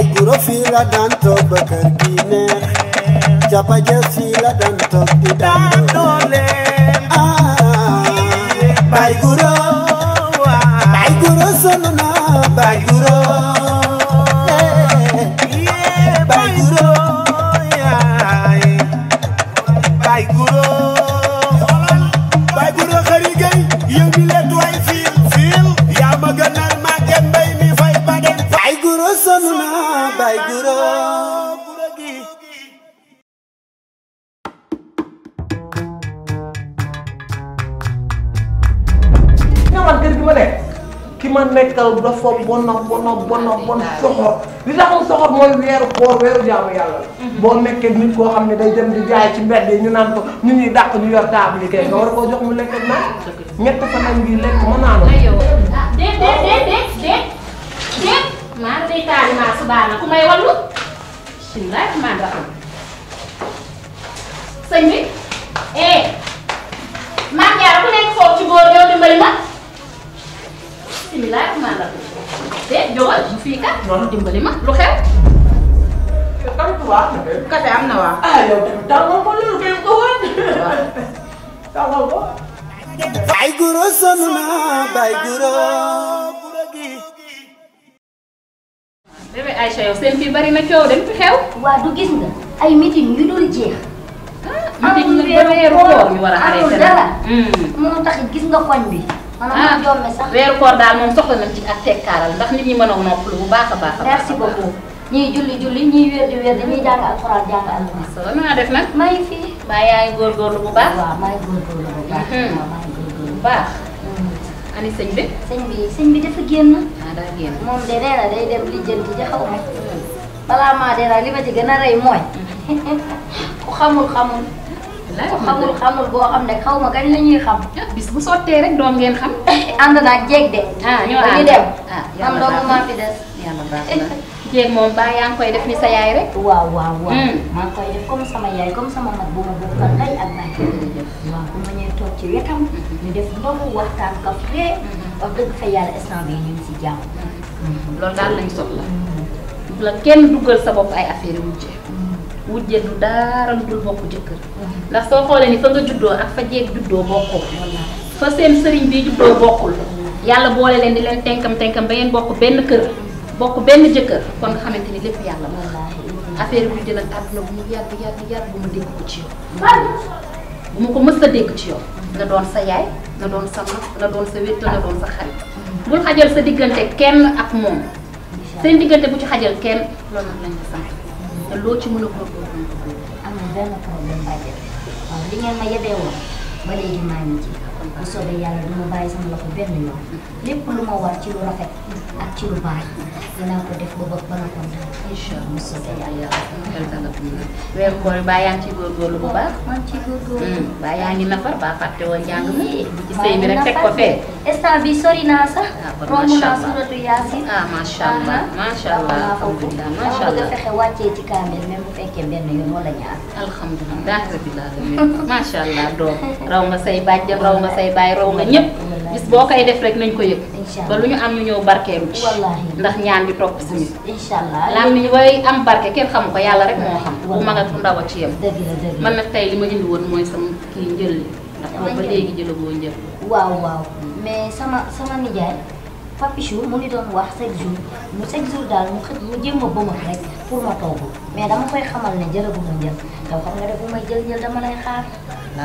ay guro fii la daan toog ba kër gi neex jàppa jees fii la daan toog di daan doole ah ay guro ma ki ma nekkal dafa bona bona bona bon soxor li tax mu soxor mooy weeru koor weeru jaamu yàlla mhm. boo nekkee nit koo xam ne day dem di jaay ci mbedd yi ñu naan ko ñu ñuy dàq ñu yor table yi kay nga war koo jox mu lekk ak naan ñett fa nag ngi lekk ma naanu déet subaana ku may wallu bismilaay maa nga am sëñ eh. nekk foofu ci góor yow dimbali ma de jógal fii kat. waaw dimbali ma lu xew. café am na waaw. ah yow tamit tàngoor ko loolu kenn ko woon. tàngoor ko. Baye Goro sonn na Baye Goro. bébé Aïcha yow seen fii bari na coow dem fi xew. waa du gis nga ay meeting yu dul jeex. amul réeru koor ñu war a arrêté amul dara. moo tax gis nga koñ bi. ah weeru koor daal moom soxla nañ ci ak tekkaaral ndax nit ñi mën a noppalu bu baax a baax. merci beaucoup ñiy julli julli ñiy wér di wér di naa def nag. maa ngi fi. mbaa yaa ngi góorgóorlu bu baax. waaw maa ngi góorgóorlu baax. Hmm. maa ngi góorgóorlu bu baax. Hmm. ani sëñ bi. sëñ bi sëñ bi dafa génn. ah daa génn moom de nee na day dem lijjanti ji xaw ma. Hmm. balaa maa dee li ma ci gën a rey mooy ku xamul xamul xamul xamul boo xam ne xaw ma kañ la ñuy xam. Ah, bis bu sottee rek doom ngeen xam. ànd naa jéeg de. ah ñoo ànd dem. man doomu maa fi des. baa yaa ngi koy def ni sa yaay rek. waaw waaw waaw. Hmm. maa ngi koy def comme sama yaay comme sama mag bu ma ko lay ak naaj. Hmm. waaw bu ma ñëwee toog ci wetam. Hmm. ñu def ndogu waxtaan ka fee. wax dëgg fa yàlla instant bii ñu ngi si jàmm. loolu daal lañ soxla. bu la kenn duggal sa bopp ay affaire yu wujje wujje du dara lu dul bokk jëkkër ndax soo xoolee ni fa nga juddoo ak fa jeeg juddoo bokkul fa seen sëriñ bi juddoo bokkul yàlla boole leen di leen tenkam tenkam ba ngeen bokk benn kër bokk benn jëkkër kon nga xamante ni lépp yàlla moom affaire bi dina àdduna bu mu yàgg yàgg yàgg bu ma dégg ko ci yow bu ma ko mës a dégg ci yoo nga doon sa yaay nga doon sa mag nga doon sa wétt nga doon sa xarit bul xajal sa diggante kenn ak moom seen diggante bu ci xajal kenn loolu nag lañ la te loo ci mën a góorgóorlu amul benn problème bàjjël waaw li ngeen ma yebee woon ba léegi maa ci bu soobee yàlla duma bàyyi sama loxo benn yoon lépp lu ma war ci lu rafet ak ci lu baax dinaa ko def ba ba ba nga kontaan yàlla weeru koor yi baa yaa ngi ciy góorgóorlu bu baax maa hmm, yaa ngi nafar baa fàtte woon jàng mi ci sëy bi rek teg sori naa sax ah, romb allah macha allah alhamdulilah allah doom raw nga say bàjjam raw nga nga say baay raw nga ñëpp bis boo koy def rek nañ ko yëg ba lu ñu am ñu ñëw barkeelu ci ndax ñaan bi topp si nit lam ni way am barke ko yàlla rek moo xam bu mag a ci yem man nag tey li ma indi woon mooy sama kii njël li ndax boobu ba léegi jëlagoo njël waaw waaw mais sama sama nijaay Papichou mu ngi doon wax chaque mu chaque daal mu xëy mu jéem a bëma rek pour ma togg mais dama koy xamal ne jëlaguma njël yow xam nga def bu may jël njël dama lay xaar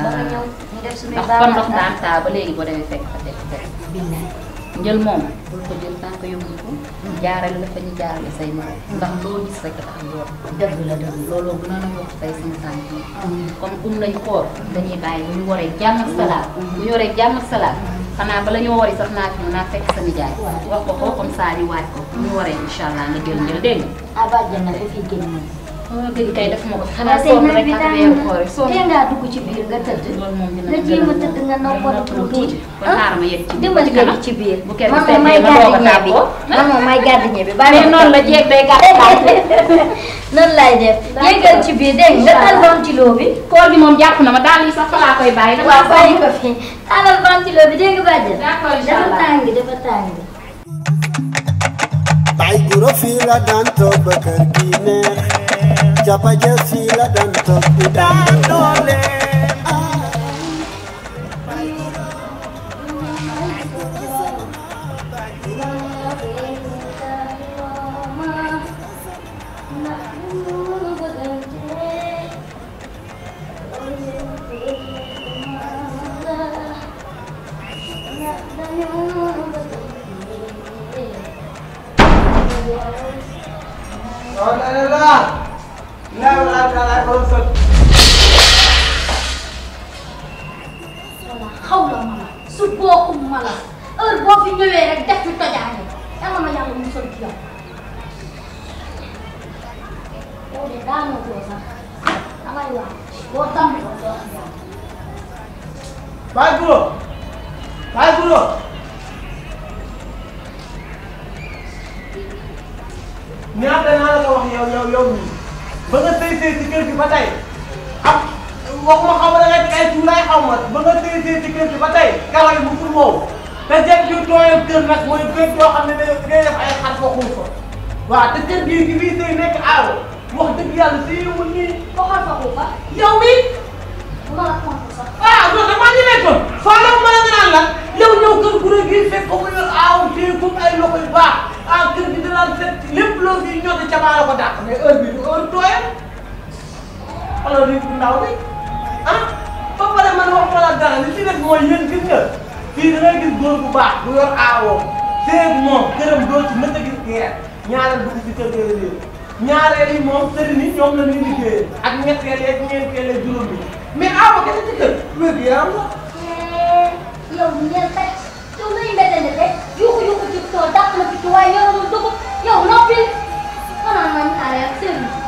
dama ñëw ñu def ndox daan taa ba léegi boo demee fekk fa fekk fekk. njël jël tànk yóbbu ko. jaarale la fa ñu jaarale say morom. ndax loo gis rek dafa am yoon. la dëgg la looloo gënoon a yokk tey suñu tànk yi. comme nañ koor dañuy bàyyi bu ñu waree ñu waree naa fi mu ko ko comme waaj ko. bu ñu waree incha allah nga jël njël dégg nga. dëgg kay def ma ko fi dugg ci biir nga tëdd. loolu moom dina jéem a tëdd nga noppalu tuuti. ba ah, xaaral ma ci biir demal ci biir. bu kenn seetlu may gardien bi man moom may gardien bi. bàyyi ma noonu la jeeg day gàttal. noonu laay def yeggal ci biir dégg nga tal ventilo bi. koor bi moom jàpp na ma daal yi sax fa laa koy bàyyi. waaw bàyyi ko fi taalal ventilo bi dégg nga bàjjen. d'accord incha allah dafa tàng dafa tàng. bàyyi guro fii la daan toog ba kër gi neex jàppa jël fii la daan toog di daan doole Oh, la, la, la. wala xaw la ma su bokkum ma la heure boo fi ñëwee rek def ci tojaange dama ma yàlla musal ci yow. boo dee daanaka sax damay wax boo tàmm ko doo xam yàlla. Baye Guro Baye Guro. ñaata naa la ko wax yow yow yow mii. ba nga sëy sëy ci kër gi ba tey ak waxuma ba nga sëy sëy ci kër gi ba tey kawar mu ful moomu te jekk yu tooyal kër nag mooy kër yoo xam ne day def ay xar fa xuur fa waaw te kër gii gi fii sëy nekk aaw wax dëgg yàlla si yu nii ba xar fa xuur fa yow mi waaw ah, loolu damaa ñu nekkoon foo la mën a naan la yow ñëw kër gu rëy fekk ko mu yor aaw téye ko ay loxo yu ah kër gi dinaa set lépp loo fi ñor di cabaale ko dàq mais heure bi heure xoolal nit ndaw bi ah ba pare man wax ko la li ci def mooy yéen gis fii da gis góor bu baax bu yor aawoo séeg moom këram doo ci mën a gis geer ñaareel dugg ci kër yooyu yëpp ñaareel yi moom sëriñ yi ñoom la ñuy liggéeyee ak ñetteel yeeg ñeenteel yeeg juróom bi mais aawoo gën a ci kër wér gi yaram la. Hmm, yow ngeen fay yow ngay mbete ne de yuuxu yuuxu ci tool dàq na fi ci waaye yow dugg yow noppi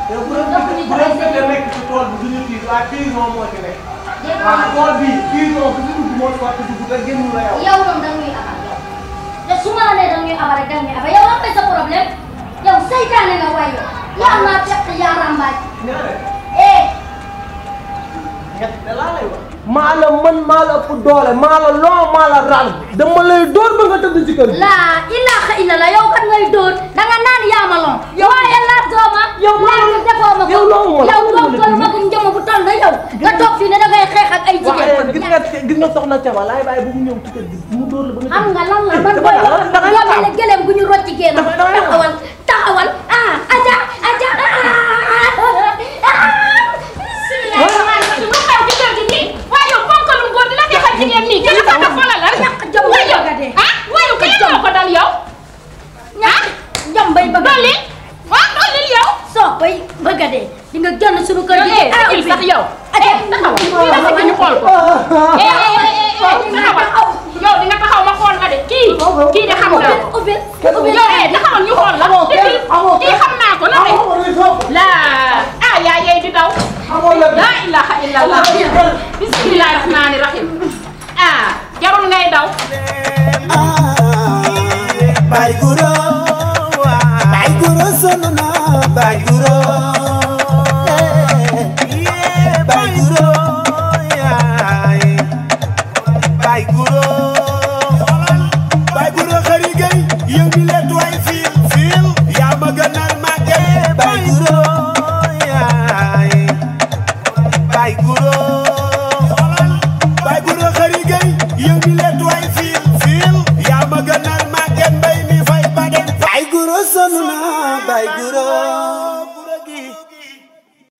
bu doon fekkee nekk bi te la yow. su ma la nee da nga ñuy abal rek da nga ñuy sa problème yow saytaane nga waay yaa naa fekk yaa rambaaj. ñaare. eh. la mën maa la ëpp doole maa la loo maa la ral dama lay dóor ba nga tëdd ci kër laa ilaaha illa la yow kat ngay dóor da naan yaa ma lon. yow waaye xasoo ma. yow loolu defoo ma ko yow loolu moo la yow doo toll magum jëmm bu toll na yow. nga toog fii ne da ngay a ak ay jigéen. gis nga soxna Thiaba laay bàyyi bu mu ñëw ci kër gi mu dóor la ba nga. xam nga lan la man la gëlëm bu ñu rocc génn taxawal taxawal sonn na